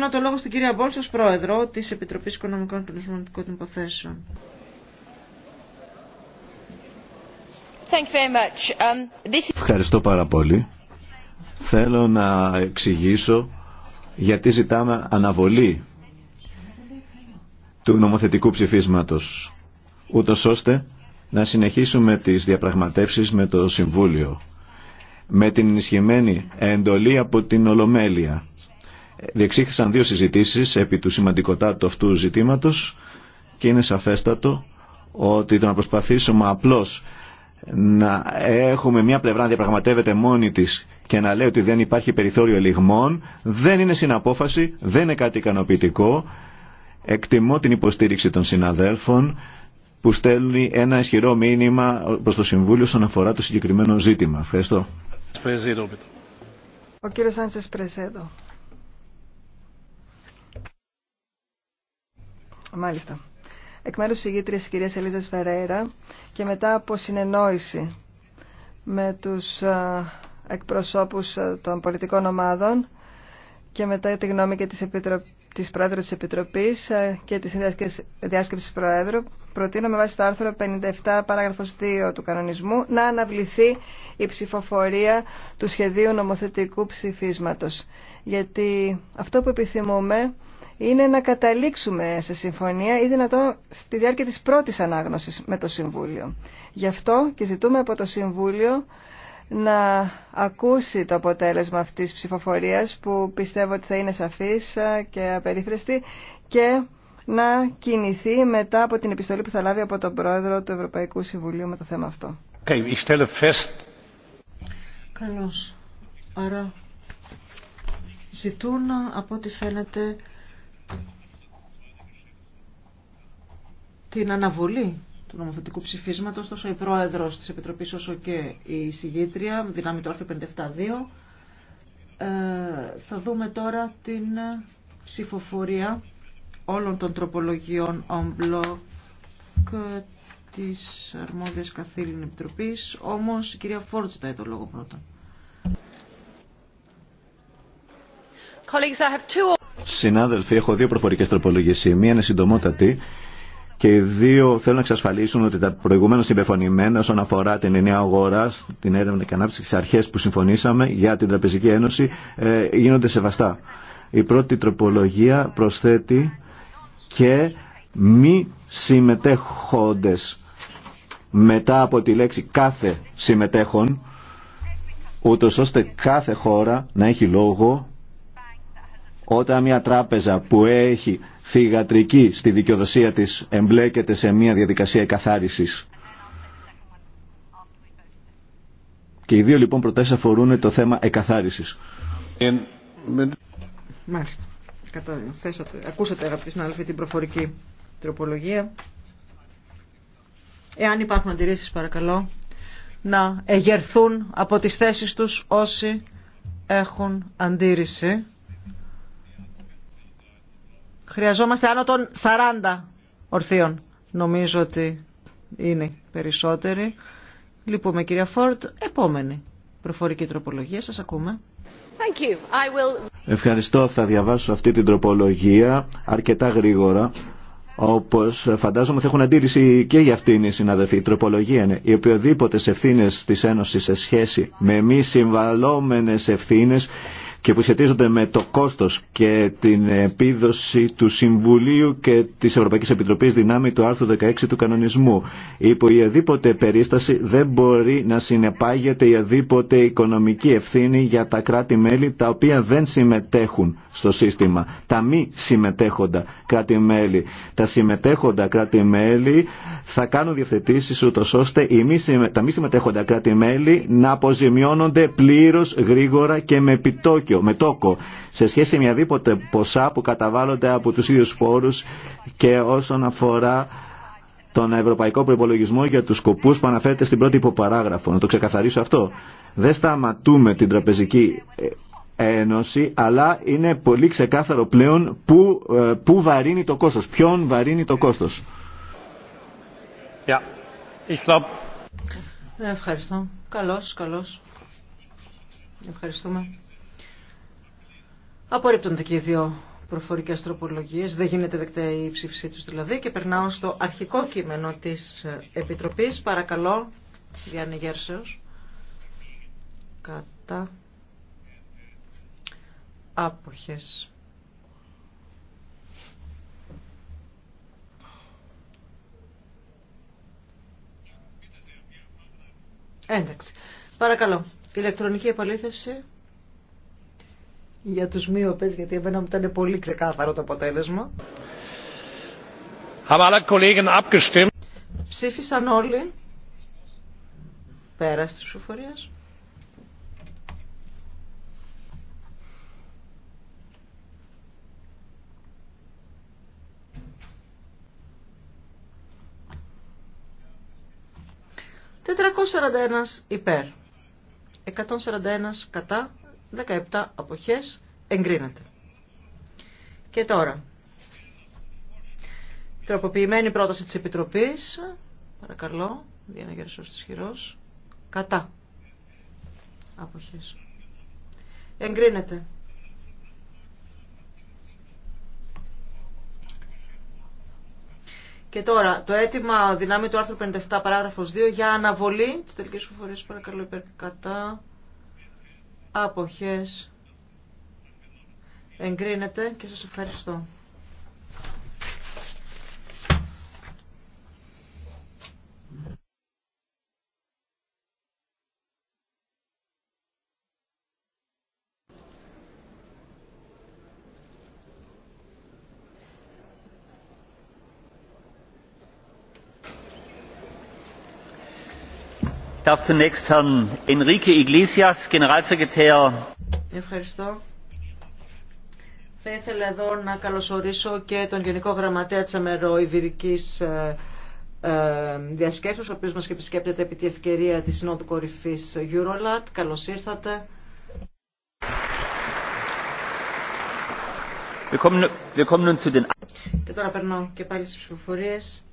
Δίνω το λόγο στην κυρία Μπόλς πρόεδρο της Επιτροπής Οικονομικών και Λουσμονικών Υποθέσεων. Um, Ευχαριστώ πάρα πολύ. Θέλω να εξηγήσω γιατί ζητάμε αναβολή του νομοθετικού ψηφίσματος, ούτω ώστε να συνεχίσουμε τις διαπραγματεύσεις με το Συμβούλιο, με την ενισχυμένη εντολή από την Ολομέλεια διεξήχθησαν δύο συζητήσεις επί του σημαντικότατου αυτού ζητήματος και είναι σαφέστατο ότι το να προσπαθήσουμε απλώς να έχουμε μια πλευρά να διαπραγματεύεται μόνη της και να λέει ότι δεν υπάρχει περιθώριο ελιγμών δεν είναι συναπόφαση, δεν είναι κάτι ικανοποιητικό εκτιμώ την υποστήριξη των συναδέλφων που στέλνει ένα ισχυρό μήνυμα προς το Συμβούλιο στον αφορά το συγκεκριμένο ζήτημα. Ευχαριστώ. Ο κύριος Άντσες Μάλιστα. Εκ μέρου τη ηγήτρια κυρία Ελίζα Φεραίρα και μετά από συνεννόηση με του εκπροσώπου των πολιτικών ομάδων και μετά τη γνώμη και τη Επιτροπή της Πρόεδρου της Επιτροπής και της Διάσκεψης Προέδρου προτείνω με βάση το άρθρο 57 παράγραφος 2 του κανονισμού να αναβληθεί η ψηφοφορία του σχεδίου νομοθετικού ψηφίσματος. Γιατί αυτό που επιθυμούμε είναι να καταλήξουμε σε συμφωνία ή δυνατόν στη διάρκεια της πρώτης ανάγνωσης με το Συμβούλιο. Γι' αυτό και ζητούμε από το Συμβούλιο να ακούσει το αποτέλεσμα αυτής της ψηφοφορίας που πιστεύω ότι θα είναι σαφής και απερίφρεστη και να κινηθεί μετά από την επιστολή που θα λάβει από τον Πρόεδρο του Ευρωπαϊκού Συμβουλίου με το θέμα αυτό. Καλώς. Άρα ζητούν από ό,τι φαίνεται την αναβολή του νομοθετικού ψηφίσματος, τόσο η πρόεδρος της Επιτροπής όσο και η συγγήτρια, δυνάμει του άρθρου 572. Ε, θα δούμε τώρα την ψηφοφορία όλων των τροπολογιών on block της αρμόδιας καθήλυνης επιτροπής, όμως η κυρία Φόρτ ζητάει το λόγο πρώτα. Συνάδελφοι, έχω δύο προφορικές τροπολογίες. Η μία είναι συντομότατη και οι δύο θέλουν να εξασφαλίσουν ότι τα προηγούμενα συμπεφωνημένα όσον αφορά την ενιαία αγορά, την έρευνα και ανάπτυξη, τι αρχέ που συμφωνήσαμε για την Τραπεζική Ένωση ε, γίνονται σεβαστά. Η πρώτη τροπολογία προσθέτει και μη συμμετέχοντες μετά από τη λέξη κάθε συμμετέχον ούτως ώστε κάθε χώρα να έχει λόγο όταν μια τράπεζα που έχει θηγατρική στη δικαιοδοσία της εμπλέκεται σε μια διαδικασία εκαθάρισης. Και οι δύο λοιπόν προτάσεις αφορούν το θέμα εκαθάρισης. Μάλιστα. Θέσατε, ακούσατε αγαπητοί συνάδελφοι την προφορική τροπολογία. Εάν υπάρχουν αντιρρήσεις παρακαλώ να εγερθούν από τις θέσεις τους όσοι έχουν αντίρρηση. Χρειαζόμαστε άνω των 40 ορθίων. Νομίζω ότι είναι περισσότεροι. Λυπούμε κυρία Φόρτ. Επόμενη προφορική τροπολογία. Σας ακούμε. Thank you. Ευχαριστώ. Θα διαβάσω αυτή την τροπολογία αρκετά γρήγορα. Όπω φαντάζομαι θα έχουν αντίρρηση και για αυτήν οι συναδελφοί. Η τροπολογία είναι οι οποιοδήποτε ευθύνε τη Ένωση σε σχέση με μη συμβαλόμενε ευθύνε και που σχετίζονται με το κόστος και την επίδοση του Συμβουλίου και της Ευρωπαϊκής Επιτροπής δυνάμει του άρθρου 16 του κανονισμού. Υπό οποιαδήποτε περίσταση δεν μπορεί να συνεπάγεται η αδίποτε οικονομική ευθύνη για τα κράτη-μέλη τα οποία δεν συμμετέχουν στο σύστημα. Τα μη συμμετέχοντα κράτη-μέλη. Τα συμμετέχοντα κράτη-μέλη θα κάνουν διευθετήσεις ούτως ώστε τα μη συμμετέχοντα κράτη-μέλη να αποζημιώνονται πλήρω γρήγορα και με επιτόκιο με τόκο, σε σχέση με οποιαδήποτε ποσά που καταβάλλονται από τους ίδιους πόρους και όσον αφορά τον ευρωπαϊκό προπολογισμό για τους σκοπούς που αναφέρεται στην πρώτη υποπαράγραφο. Να το ξεκαθαρίσω αυτό. Δεν σταματούμε την τραπεζική ε, ένωση, αλλά είναι πολύ ξεκάθαρο πλέον που, ε, που βαρύνει το κόστος, ποιον βαρύνει το κόστος. Ε, ευχαριστώ. Καλώς, καλώς. Ευχαριστούμε. Απορρίπτονται και οι δύο προφορικέ τροπολογίε, δεν γίνεται δεκτή η ψήφισή του δηλαδή. Και περνάω στο αρχικό κείμενο τη Επιτροπή. Παρακαλώ, Γιάννη Γέρσεω. Κατά. Άποχες. Ένταξη. Παρακαλώ. Ηλεκτρονική επαλήθευση για τους μείωπες, γιατί εμένα μου ήταν πολύ ξεκάθαρο το αποτέλεσμα. Ψήφισαν όλοι πέρα της ψηφοφορίας. 441 υπέρ. 141 κατά, 17 αποχές εγκρίνεται. Και τώρα, τροποποιημένη πρόταση της Επιτροπής, παρακαλώ, διαναγερσός της χειρός, κατά αποχές. Εγκρίνεται. Και τώρα, το αίτημα δυνάμει του άρθρου 57 παράγραφος 2 για αναβολή της τελικής ψηφοφορίας, παρακαλώ, υπέρ κατά αποχές εγκρίνεται και σας ευχαριστώ. zunächst Herrn Enrique Iglesias, Generalsekretär. Ευχαριστώ. Θα ήθελα εδώ να καλωσορίσω και τον Γενικό Γραμματέα της Αμεροϊβηρικής ε, ε, Διασκέψεως, ο οποίος μας επισκέπτεται επί τη ευκαιρία της Συνόδου Κορυφής Eurolat. Καλώς ήρθατε. Και τώρα περνώ και πάλι στις ψηφοφορίες.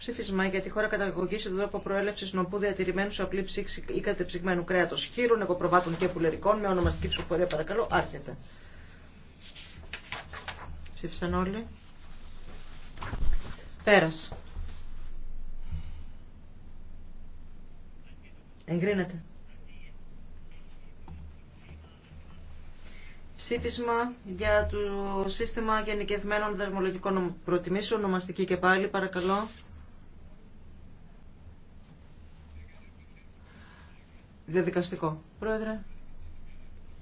ψήφισμα για τη χώρα καταγωγή και τον τρόπο προέλευση νοπού διατηρημένου σε απλή ψήξη ή κατεψυγμένου κρέατο χείρων, εγωπροβάτων και πουλερικών με ονομαστική ψηφοφορία παρακαλώ. Άρχεται. Ψήφισαν όλοι. Πέρασε. Εγκρίνεται. Ψήφισμα για το σύστημα γενικευμένων δερμολογικών προτιμήσεων, ονομαστική και πάλι, παρακαλώ. Διαδικαστικό. Πρόεδρε.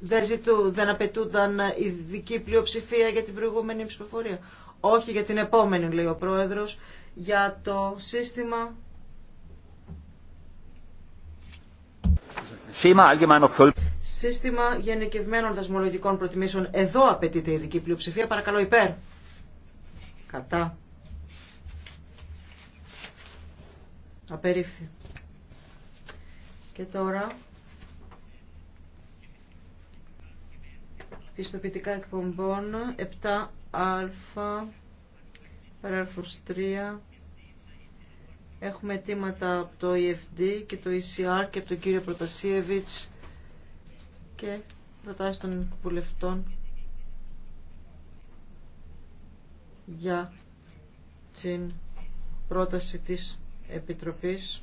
Δεν, ζητού, δεν απαιτούνταν ειδική πλειοψηφία για την προηγούμενη ψηφοφορία. Όχι για την επόμενη, λέει ο Πρόεδρος, για το σύστημα... Σύστημα γενικευμένων δασμολογικών προτιμήσεων. Εδώ απαιτείται ειδική πλειοψηφία. Παρακαλώ υπέρ. Κατά. Απερίφθη. Και τώρα πιστοποιητικά εκπομπών 7α παράρφος 3 έχουμε αιτήματα από το EFD και το ECR και από τον κύριο Προτασίεβιτς και προτάσεις των βουλευτών για την πρόταση της Επιτροπής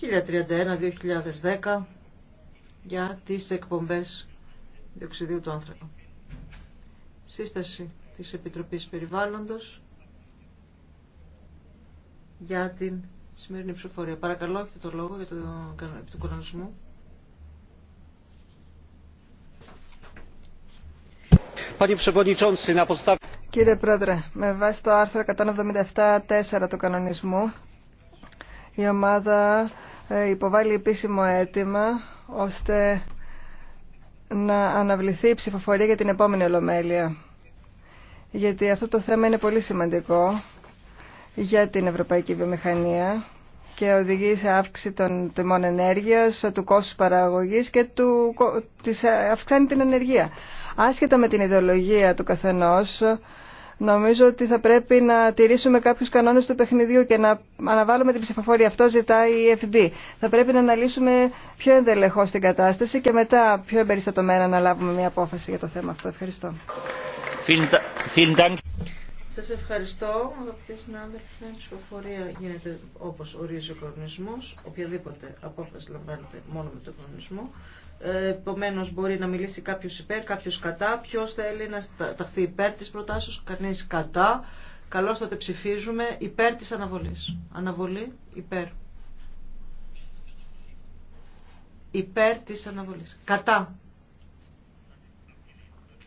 1031-2010 για τις εκπομπές διοξιδίου του άνθρακα. Σύσταση της Επιτροπής Περιβάλλοντος για την σημερινή ψηφοφορία. Παρακαλώ, έχετε το λόγο για τον το κανονισμό. Κύριε Πρόεδρε, με βάση το άρθρο 177-4 του κανονισμού, η ομάδα ε, υποβάλει επίσημο αίτημα ώστε να αναβληθεί η ψηφοφορία για την επόμενη Ολομέλεια. Γιατί αυτό το θέμα είναι πολύ σημαντικό για την ευρωπαϊκή βιομηχανία και οδηγεί σε αύξηση των τιμών ενέργειας, του κόστου παραγωγής και του, της, ε, αυξάνει την ενεργεία. Άσχετα με την ιδεολογία του καθενός, Νομίζω ότι θα πρέπει να τηρήσουμε κάποιου κανόνε του παιχνιδιού και να αναβάλουμε την ψηφοφορία. Αυτό ζητάει η FD. Θα πρέπει να αναλύσουμε πιο εντελεχώ την κατάσταση και μετά πιο εμπεριστατωμένα να λάβουμε μια απόφαση για το θέμα αυτό. Ευχαριστώ. Σα ευχαριστώ. Αγαπητοί συνάδελφοι, η ψηφοφορία γίνεται όπω ορίζει ο κανονισμός. Οποιαδήποτε απόφαση λαμβάνεται μόνο με τον κανονισμό. Ε, Επομένω μπορεί να μιλήσει κάποιο υπέρ, κάποιο κατά. Ποιο θέλει να ταχθεί υπέρ τη προτάσεω, κανεί κατά. Καλώ το ψηφίζουμε υπέρ τη αναβολή. Αναβολή υπέρ. Υπέρ τη αναβολή. Κατά.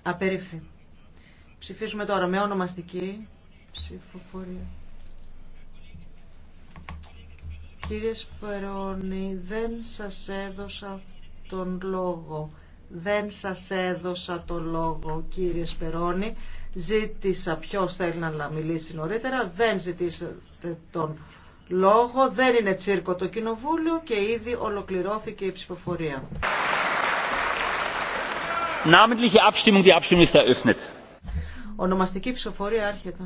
Απερίφθη. Ψηφίζουμε τώρα με ονομαστική ψηφοφορία. Κύριε Σπερώνη, δεν σας έδωσα τον λόγο. Δεν σας έδωσα τον λόγο κύριε Σπερώνη. Ζήτησα ποιος θέλει να μιλήσει νωρίτερα. Δεν ζητήσατε τον λόγο. Δεν είναι τσίρκο το κοινοβούλιο και ήδη ολοκληρώθηκε η ψηφοφορία. Ονομαστική ψηφοφορία άρχεται.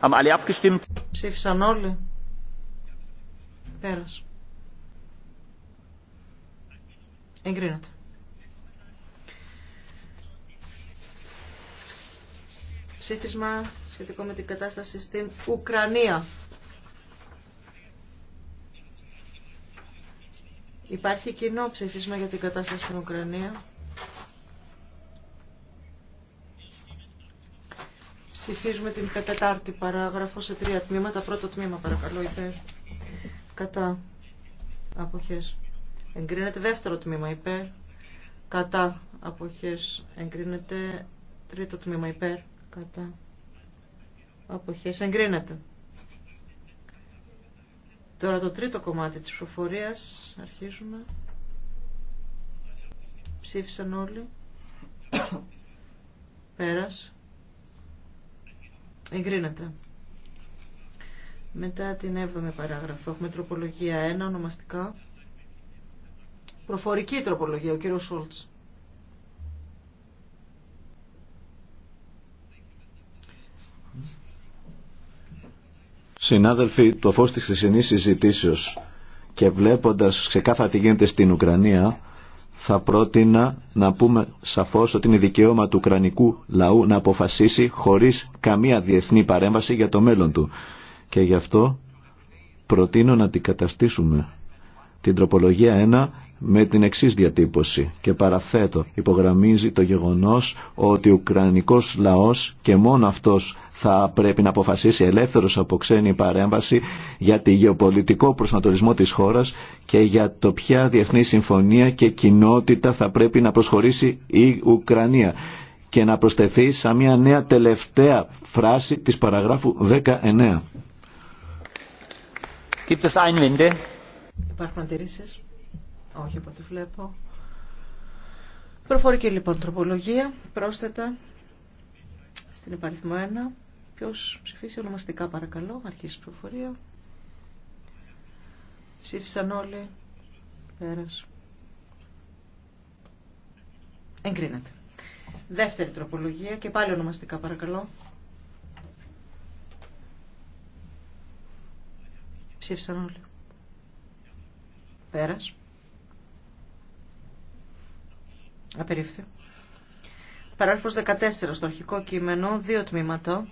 Haben Ψήφισαν όλοι. Πέρασε. Εγκρίνεται. Ψήφισμα σχετικό με την κατάσταση στην Ουκρανία. Υπάρχει κοινό ψήφισμα για την κατάσταση στην Ουκρανία. Ψηφίζουμε την πετετάρτη παράγραφο σε τρία τμήματα. Πρώτο τμήμα παρακαλώ υπέρ. Κατά. Αποχές. Εγκρίνεται δεύτερο τμήμα υπέρ. Κατά αποχές εγκρίνεται τρίτο τμήμα υπέρ. Κατά αποχές εγκρίνεται. Τώρα το τρίτο κομμάτι της ψηφοφορίας. Αρχίζουμε. Ψήφισαν όλοι. Πέρας. Εγκρίνεται. Μετά την 7η παράγραφο έχουμε τροπολογία 1 ονομαστικά. Προφορική τροπολογία, ο κύριο Σούλτ. Συνάδελφοι, το φω τη χθεσινής συζητήσεω και βλέποντα ξεκάθαρα τι γίνεται στην Ουκρανία, θα πρότεινα να πούμε σαφώ ότι είναι δικαίωμα του ουκρανικού λαού να αποφασίσει χωρί καμία διεθνή παρέμβαση για το μέλλον του. Και γι' αυτό προτείνω να αντικαταστήσουμε καταστήσουμε την τροπολογία 1 με την εξή διατύπωση και παραθέτω υπογραμμίζει το γεγονός ότι ο ουκρανικός λαός και μόνο αυτός θα πρέπει να αποφασίσει ελεύθερος από ξένη παρέμβαση για τη γεωπολιτικό προσανατολισμό της χώρας και για το ποια διεθνή συμφωνία και κοινότητα θα πρέπει να προσχωρήσει η Ουκρανία και να προσθεθεί σαν μια νέα τελευταία φράση της παραγράφου 19. Όχι από ό,τι βλέπω. Προφορική λοιπόν τροπολογία, πρόσθετα στην υπαριθμό 1. Ποιος ψηφίσει ονομαστικά παρακαλώ, αρχίσει η προφορία. Ψήφισαν όλοι. Πέρας. Εγκρίνεται. Δεύτερη τροπολογία και πάλι ονομαστικά παρακαλώ. Ψήφισαν όλοι. Πέρας. Απερίφθη. Παράγραφος 14 στο αρχικό κείμενο, δύο τμήματα.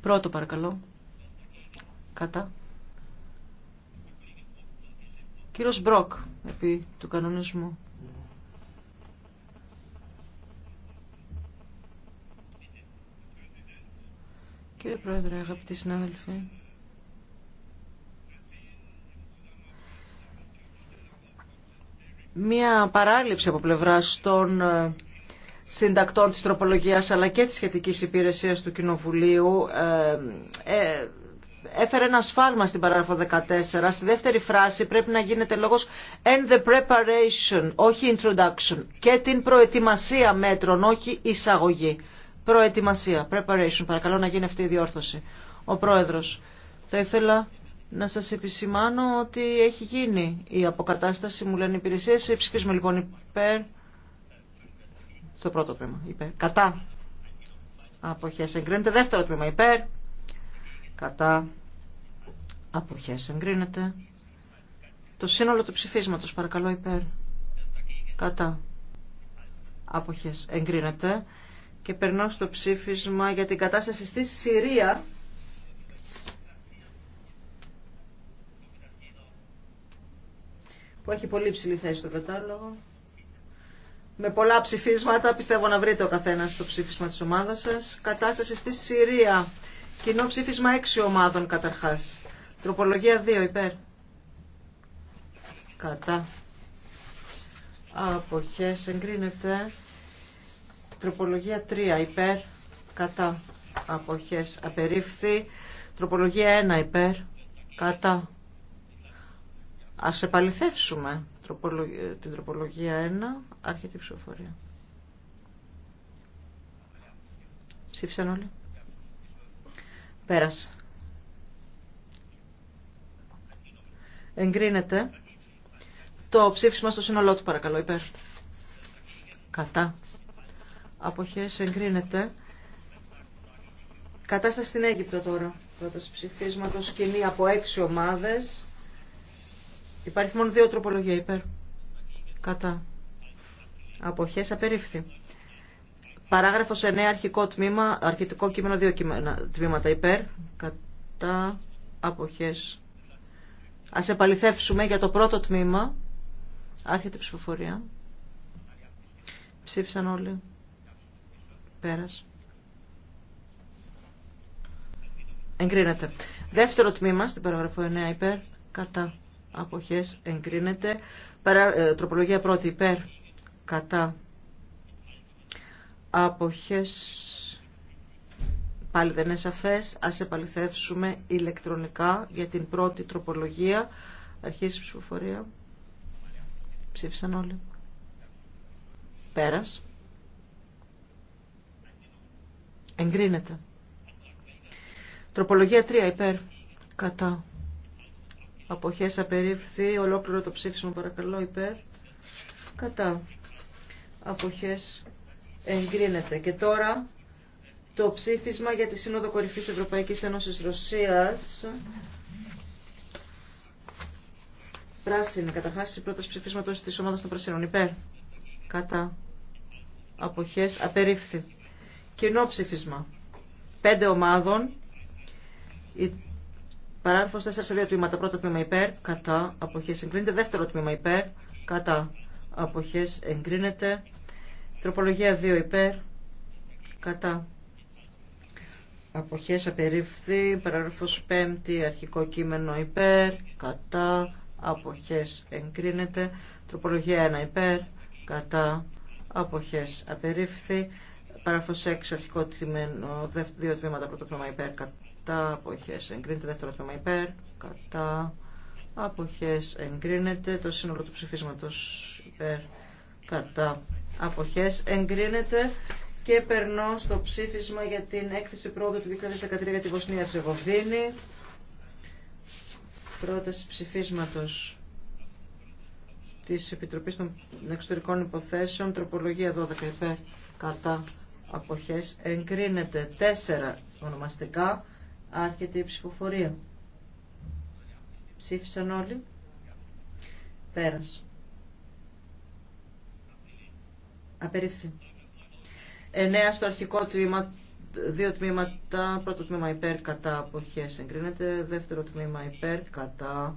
Πρώτο παρακαλώ. Κατά. Κύριος Μπροκ, επί του κανονισμού. Κύριε Πρόεδρε, αγαπητοί συνάδελφοι, μία παράληψη από πλευρά των ε, συντακτών της τροπολογίας αλλά και της σχετικής υπηρεσίας του Κοινοβουλίου ε, ε, έφερε ένα σφάλμα στην παράγραφο 14. Στη δεύτερη φράση πρέπει να γίνεται λόγος and the preparation, όχι introduction και την προετοιμασία μέτρων, όχι εισαγωγή. Προετοιμασία, preparation. Παρακαλώ να γίνει αυτή η διόρθωση. Ο Πρόεδρος, θα ήθελα να σας επισημάνω ότι έχει γίνει η αποκατάσταση, μου λένε οι υπηρεσίες. Ψηφίζουμε λοιπόν υπέρ, στο πρώτο τμήμα, υπέρ, κατά. Αποχές εγκρίνεται. Δεύτερο τμήμα υπέρ, κατά. Αποχές εγκρίνεται. Το σύνολο του ψηφίσματος, παρακαλώ, υπέρ. Κατά. Αποχές εγκρίνεται. Και περνώ στο ψήφισμα για την κατάσταση στη Συρία. που έχει πολύ ψηλή θέση στο κατάλογο. Με πολλά ψηφίσματα, πιστεύω να βρείτε ο καθένα το ψήφισμα τη ομάδα σα. Κατάσταση στη Συρία. Κοινό ψήφισμα 6 ομάδων καταρχά. Τροπολογία 2 υπέρ. Κατά. Αποχές εγκρίνεται. Τροπολογία 3 υπέρ. Κατά. Αποχές απερίφθη. Τροπολογία 1 υπέρ. Κατά. Ας επαληθεύσουμε την τροπολογία 1, άρχεται ψηφοφορία. Ψήφισαν όλοι. Πέρασε. Εγκρίνεται το ψήφισμα στο σύνολό του παρακαλώ υπέρ. Κατά. Αποχές εγκρίνεται. Κατάσταση στην Αίγυπτο τώρα. Πρόταση ψηφίσματος κοινή από έξι ομάδες. Υπάρχει μόνο δύο τροπολογία υπέρ. Κατά. Αποχές απερίφθη. Παράγραφος 9 αρχικό τμήμα, αρχικό κείμενο δύο τμήματα υπέρ. Κατά. Αποχές. Ας επαληθεύσουμε για το πρώτο τμήμα. Άρχεται η ψηφοφορία. Ψήφισαν όλοι. Πέρας. Εγκρίνεται. Δεύτερο τμήμα στην παραγραφή 9 υπέρ. Κατά αποχές εγκρίνεται. Ε, τροπολογία πρώτη υπέρ κατά αποχές πάλι δεν είναι σαφές. Ας επαληθεύσουμε ηλεκτρονικά για την πρώτη τροπολογία. Αρχής ψηφοφορία. Ψήφισαν όλοι. Πέρας. Εγκρίνεται. Τροπολογία 3 υπέρ κατά αποχές απερίφθη ολόκληρο το ψήφισμα παρακαλώ υπέρ κατά αποχές εγκρίνεται και τώρα το ψήφισμα για τη Σύνοδο Κορυφής Ευρωπαϊκής Ένωσης Ρωσίας πράσινη καταρχάς πρώτα πρώτας ψηφίσματος της ομάδας των πρασίνων υπέρ κατά αποχές απερίφθη κοινό ψήφισμα πέντε ομάδων Παράγραφο 4 σε δύο τμήματα. Πρώτο τμήμα υπέρ, κατά, αποχέ εγκρίνεται. Δεύτερο τμήμα υπέρ, κατά, αποχέ εγκρίνεται. Τροπολογία 2 υπέρ, κατά. Αποχέ απερίφθη, Παράγραφο 5, αρχικό κείμενο υπέρ, κατά, απόχέ εγκρίνεται. Τροπολογία 1 υπέρ, κατά, αποχέ απερίφθη. Παράγραφο 6, αρχικό κείμενο, δύο τμήματα, πρώτο τμήμα υπέρ, κατά κατά αποχές εγκρίνεται δεύτερο τμήμα υπέρ κατά αποχές εγκρίνεται το σύνολο του ψηφίσματος υπέρ κατά αποχές εγκρίνεται και περνώ στο ψήφισμα για την έκθεση πρόοδου του 2013 για τη Βοσνία Ζεγοβίνη. πρόταση ψηφίσματος της Επιτροπής των Εξωτερικών Υποθέσεων τροπολογία 12 υπέρ κατά αποχές εγκρίνεται 4 ονομαστικά Άρχεται η ψηφοφορία. Ψήφισαν όλοι. Πέρασε. Απερίφθη. Εννέα στο αρχικό τμήμα, δύο τμήματα, πρώτο τμήμα υπέρ κατά αποχές εγκρίνεται, δεύτερο τμήμα υπέρ κατά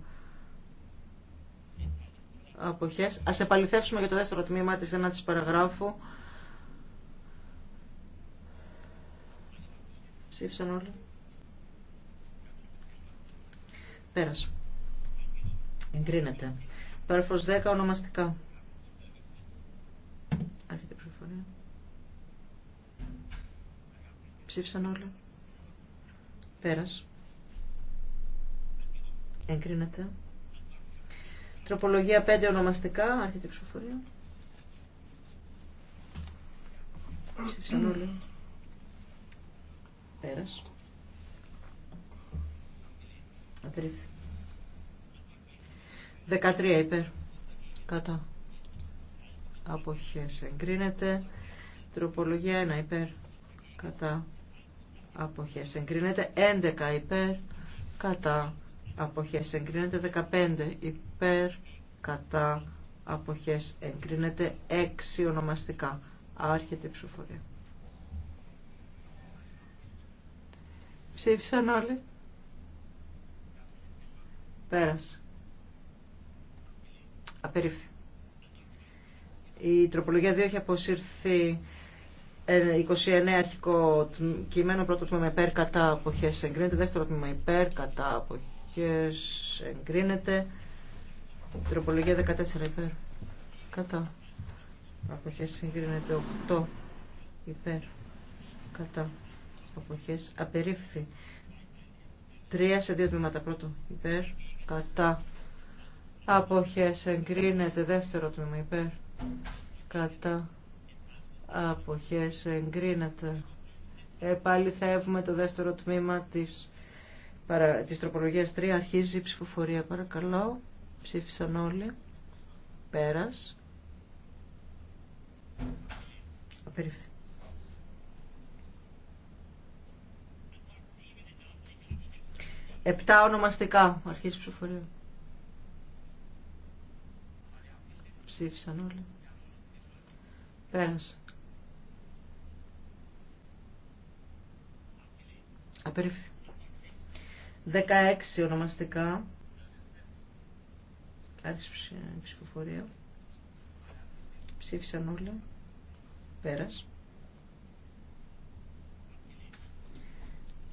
αποχές. Ας επαληθεύσουμε για το δεύτερο τμήμα της ένατης παραγράφου. Ψήφισαν όλοι. Πέρασε. Εγκρίνεται. Παράγραφος 10 ονομαστικά. Άρχεται η ψηφοφορία. Ψήφισαν όλοι. Πέρας. Εγκρίνεται. Τροπολογία 5 ονομαστικά. Άρχεται η ψηφοφορία. Ψήφισαν όλοι. Πέρας. 13 υπέρ. Κατά. Αποχές εγκρίνεται. Τροπολογία 1 υπέρ. Κατά. Αποχές εγκρίνεται. 11 υπέρ. Κατά. Αποχές εγκρίνεται. 15 υπέρ. Κατά. Αποχές εγκρίνεται. 6 ονομαστικά. Άρχεται η ψηφοφορία. Ψήφισαν όλοι. Πέρας. Απερίφθη. Η τροπολογία 2 έχει αποσύρθει ε, 29 αρχικό κειμένο πρώτο τμήμα υπέρ κατά αποχές εγκρίνεται δεύτερο τμήμα υπέρ κατά αποχές εγκρίνεται τροπολογία 14 υπέρ κατά αποχές εγκρίνεται 8 υπέρ κατά αποχές απερίφθη 3 σε 2 τμήματα πρώτο υπέρ κατά απόχε εγκρίνεται δεύτερο τμήμα υπέρ κατά αποχές εγκρίνεται ε, πάλι θα το δεύτερο τμήμα της, παρα, της τροπολογίας 3 αρχίζει η ψηφοφορία παρακαλώ ψήφισαν όλοι πέρας απερίφθη Επτά ονομαστικά. αρχής ψηφοφορία. Ψήφισαν όλοι. Πέρασε. Απερίφθη. Δεκαέξι ονομαστικά. Άρχισε ψηφοφορία. Ψήφισαν όλοι. Πέρασε.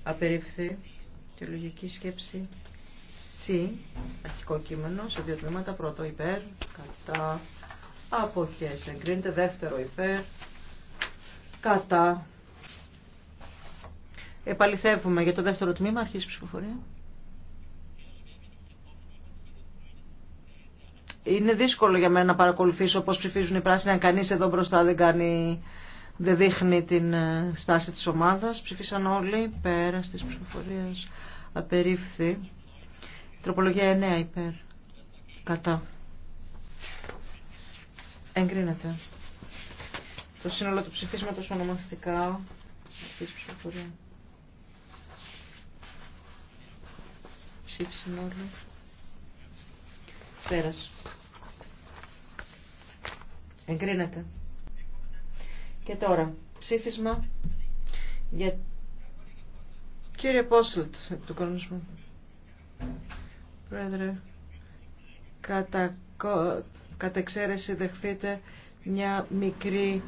Απερίφθη τη λογική σκέψη C, αρχικό κείμενο, σε δύο τμήματα, πρώτο υπέρ, κατά, αποχές, εγκρίνεται, δεύτερο υπέρ, κατά. Επαληθεύουμε για το δεύτερο τμήμα, αρχής ψηφοφορία. Είναι δύσκολο για μένα να παρακολουθήσω πώς ψηφίζουν οι πράσινοι, αν κανείς εδώ μπροστά δεν κάνει δεν δείχνει την ε, στάση της ομάδας. Ψηφίσαν όλοι πέρα της ψηφοφορίας. Απερίφθη. Τροπολογία 9 υπέρ. Κατά. Εγκρίνεται. Το σύνολο του ψηφίσματος ονομαστικά της ψηφοφορίας. Ψήφισαν όλοι. Πέρασε. Εγκρίνεται. Και τώρα, ψήφισμα για... Κύριε Πόσλτ, του κανονισμού. Πρόεδρε, κατά, κατά εξαίρεση δεχθείτε μια μικρή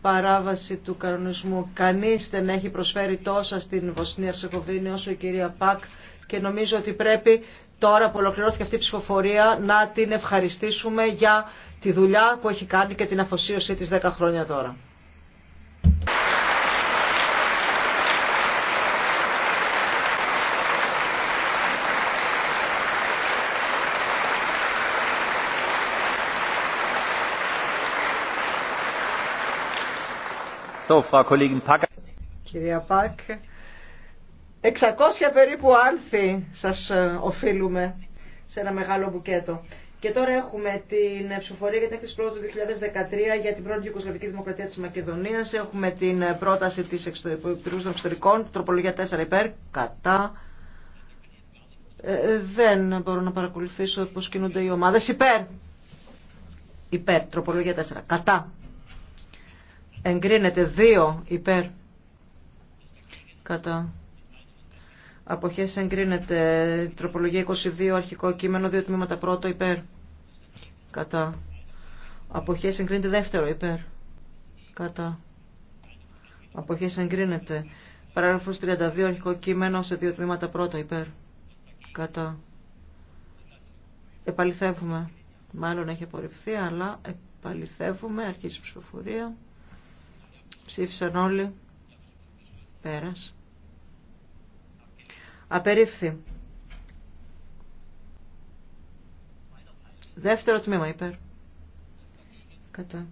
παράβαση του κανονισμού. Κανείς δεν έχει προσφέρει τόσα στην Βοσνία Ερσεκοβίνη όσο η κυρία Πακ και νομίζω ότι πρέπει τώρα που ολοκληρώθηκε αυτή η ψηφοφορία να την ευχαριστήσουμε για τη δουλειά που έχει κάνει και την αφοσίωσή της 10 χρόνια τώρα. Κυρία Πακ, 600 περίπου άνθη σας ε, οφείλουμε σε ένα μεγάλο μπουκέτο. Και τώρα έχουμε την ψηφοφορία για την έκθεση πρώτου του 2013 για την πρώτη Οικοσλαβική Δημοκρατία της Μακεδονίας Έχουμε την ε, πρόταση της Επιτροπή των Εξωτερικών, τροπολογία 4 υπέρ, κατά. Ε, δεν μπορώ να παρακολουθήσω πως κινούνται οι ομάδες Υπέρ. Υπέρ, τροπολογία 4. Κατά εγκρίνεται 2 υπέρ κατά αποχές εγκρίνεται τροπολογία 22 αρχικό κείμενο δύο τμήματα πρώτο υπέρ κατά αποχές εγκρίνεται δεύτερο υπέρ κατά αποχές εγκρίνεται παράγραφος 32 αρχικό κείμενο σε δύο τμήματα πρώτο υπέρ κατά επαληθεύουμε μάλλον έχει απορριφθεί αλλά επαληθεύουμε αρχίζει η ψηφοφορία Ψήφισαν όλοι. Πέρας. Απερίφθη. Δεύτερο τμήμα υπέρ. Κατά.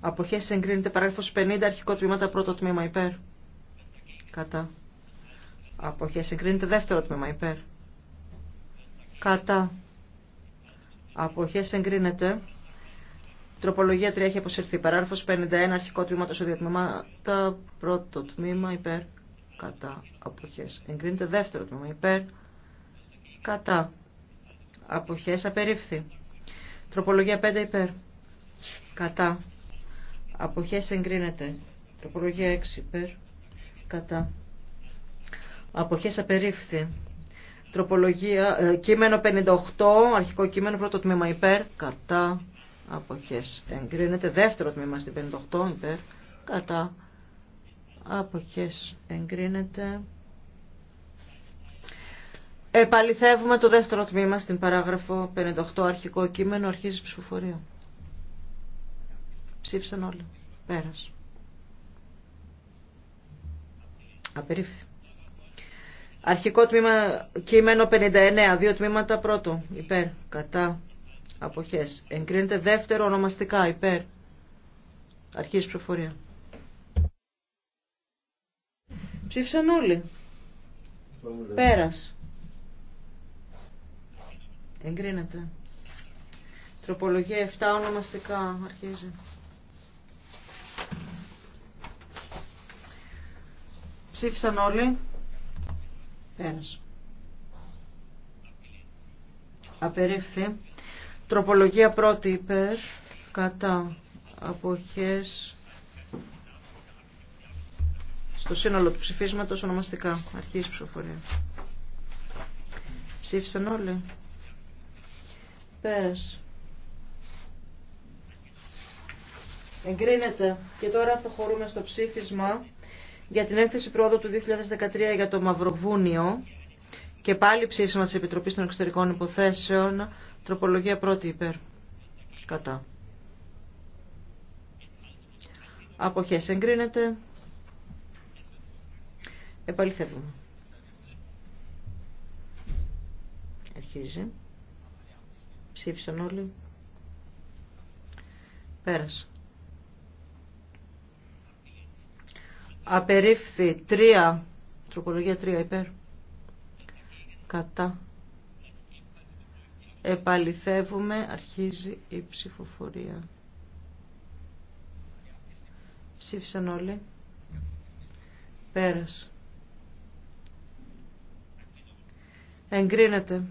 Αποχές εγκρίνεται παράγραφος 50 αρχικό τμήμα τα πρώτο τμήμα υπέρ. Κατά. Αποχές εγκρίνεται δεύτερο τμήμα υπέρ. Κατά. Αποχές εγκρίνεται Τροπολογία 3 έχει αποσυρθεί. Παράγραφο 51, αρχικό τμήμα, τόσο διατμήματα, πρώτο τμήμα, υπέρ, κατά, αποχές. Εγκρίνεται δεύτερο τμήμα, υπέρ, κατά, αποχές, απερίφθη. Τροπολογία 5, υπέρ, κατά, αποχές, εγκρίνεται. Τροπολογία 6, υπέρ, κατά, αποχές, απερίφθη. Τροπολογία, ε, κείμενο 58, αρχικό κείμενο, πρώτο τμήμα, υπέρ, κατά, αποχές εγκρίνεται. Δεύτερο τμήμα στην 58 υπέρ κατά αποχές εγκρίνεται. Επαληθεύουμε το δεύτερο τμήμα στην παράγραφο 58 αρχικό κείμενο αρχίζει ψηφοφορία. Ψήφισαν όλοι. Πέρας. Απερίφθη. Αρχικό τμήμα κείμενο 59. Δύο τμήματα πρώτο. Υπέρ. Κατά. Αποχές. Εγκρίνεται δεύτερο ονομαστικά υπέρ. Αρχής προφορία. Ψήφισαν όλοι. Πέρας. Εγκρίνεται. Τροπολογία 7 ονομαστικά αρχίζει. Ψήφισαν όλοι. Πέρας. Απερίφθη. Τροπολογία πρώτη υπέρ, κατά αποχές στο σύνολο του ψηφίσματος ονομαστικά. Αρχής ψηφοφορία. Ψήφισαν όλοι. Πέρας. Εγκρίνεται. Και τώρα προχωρούμε στο ψήφισμα για την έκθεση πρόοδο του 2013 για το Μαυροβούνιο και πάλι ψήφισμα της Επιτροπής των Εξωτερικών Υποθέσεων Τροπολογία πρώτη υπέρ. Κατά. Αποχές εγκρίνεται. Επαληθεύουμε. Αρχίζει. Ψήφισαν όλοι. Πέρασε. Απερίφθη 3. Τροπολογία 3 υπέρ. Κατά. Επαληθεύουμε. Αρχίζει η ψηφοφορία. Ψήφισαν όλοι. Πέρας. Εγκρίνεται.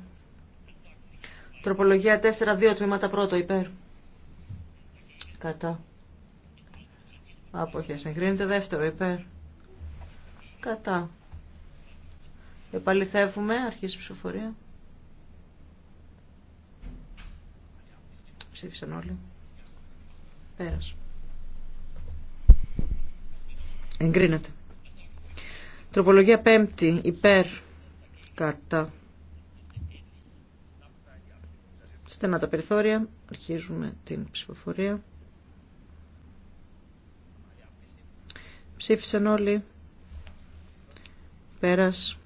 Τροπολογία 4-2 τμήματα πρώτο υπέρ. Κατά. Αποχές. Εγκρίνεται δεύτερο υπέρ. Κατά. Επαληθεύουμε. Αρχίζει η ψηφοφορία. Ψήφισαν όλοι. Πέρασε. Εγκρίνεται. Τροπολογία Υπέρ. Κατά. Στενά τα περιθώρια. Αρχίζουμε την ψηφοφορία. Ψήφισαν όλοι. Πέρας.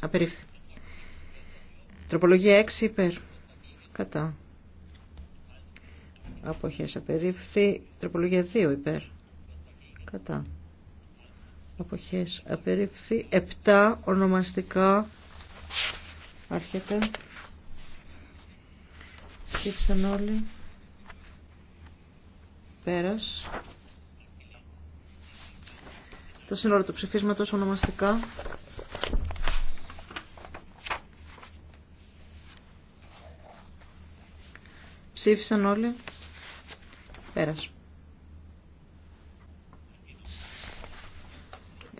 Απερίφθη. Τροπολογία 6 υπέρ κατά αποχές απερίφθη τροπολογία 2 υπέρ κατά αποχές απερίφθη 7 ονομαστικά άρχεται ψήφισαν όλοι πέρας το σύνολο του ψηφίσματος ονομαστικά Ψήφισαν όλοι. Πέρασε.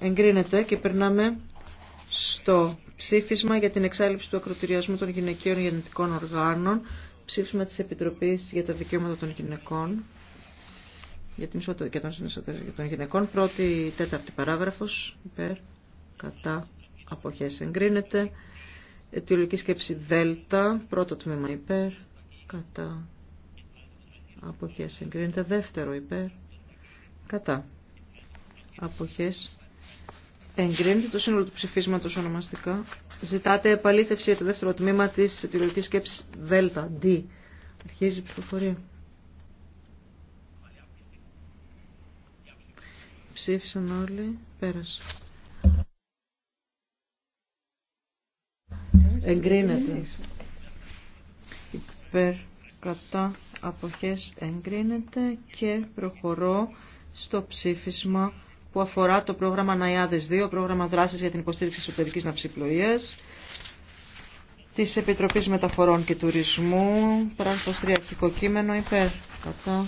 Εγκρίνεται και περνάμε στο ψήφισμα για την εξάλληψη του ακροτηριασμού των γυναικείων γεννητικών οργάνων, ψήφισμα της Επιτροπής για τα Δικαιώματα των Γυναικών για την ισότητα των για των γυναικών. Πρώτη, τέταρτη παράγραφος, υπέρ, κατά, αποχές εγκρίνεται. Αιτιολογική σκέψη δέλτα, πρώτο τμήμα υπέρ, κατά αποχές εγκρίνεται δεύτερο υπέρ κατά αποχές εγκρίνεται το σύνολο του ψηφίσματος ονομαστικά ζητάτε επαλήθευση για το δεύτερο τμήμα της αιτιολογικής σκέψης ΔΕΛΤΑ, D αρχίζει η ψηφοφορία ψήφισαν όλοι πέρασε εγκρίνεται υπέρ κατά αποχές εγκρίνεται και προχωρώ στο ψήφισμα που αφορά το πρόγραμμα ΝΑΙΑΔΕΣ 2, πρόγραμμα δράσης για την υποστήριξη εσωτερικής ναυσιπλοείας της Επιτροπής Μεταφορών και Τουρισμού, πράγματος 3 αρχικό κείμενο υπέρ κατά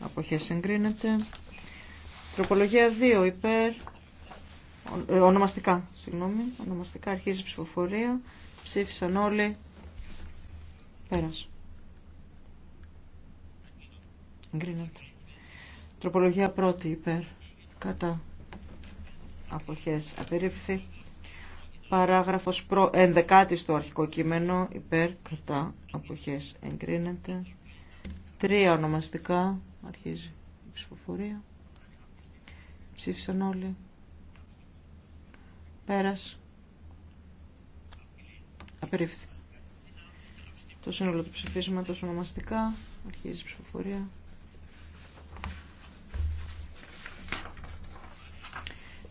αποχές εγκρίνεται. Τροπολογία 2 υπέρ, ε, ονομαστικά, συγγνώμη, ονομαστικά αρχίζει η ψηφοφορία, ψήφισαν όλοι, Πέρας. Εγκρίνεται. Τροπολογία πρώτη υπέρ. Κατά. Αποχές. Απερίφθη. Παράγραφος προ... ενδεκάτη στο αρχικό κείμενο. Υπέρ. Κατά. Αποχές. Εγκρίνεται. Τρία ονομαστικά. Αρχίζει η ψηφοφορία. Ψήφισαν όλοι. Πέρας. Απερίφθη το σύνολο του ψηφίσματος ονομαστικά. Αρχίζει η ψηφοφορία.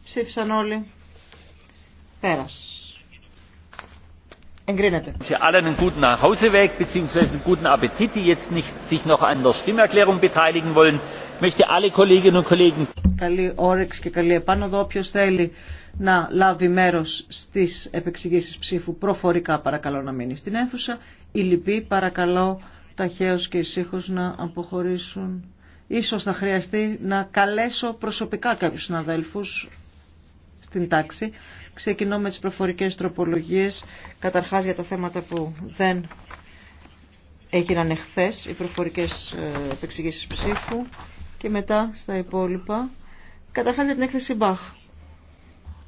Ψήφισαν όλοι. Πέρας. Εγκρίνεται. Sie alle einen guten Nachhauseweg bzw. einen guten Appetit, die jetzt nicht sich noch an der Stimmerklärung beteiligen wollen. möchte alle Kolleginnen und Kollegen Καλή όρεξη και καλή επάνωδο. οποιο θέλει να λάβει μέρος στις επεξηγήσει ψήφου προφορικά παρακαλώ να μείνει στην αίθουσα. Οι λοιποί παρακαλώ ταχαίω και ησύχω να αποχωρήσουν. Ίσως θα χρειαστεί να καλέσω προσωπικά κάποιου συναδέλφου στην τάξη. Ξεκινώ με τι προφορικές τροπολογίες, καταρχάς για τα θέματα που δεν έγιναν εχθές, οι προφορικές ε, επεξηγήσεις ψήφου και μετά στα υπόλοιπα. Καταρχάς για την έκθεση Μπαχ.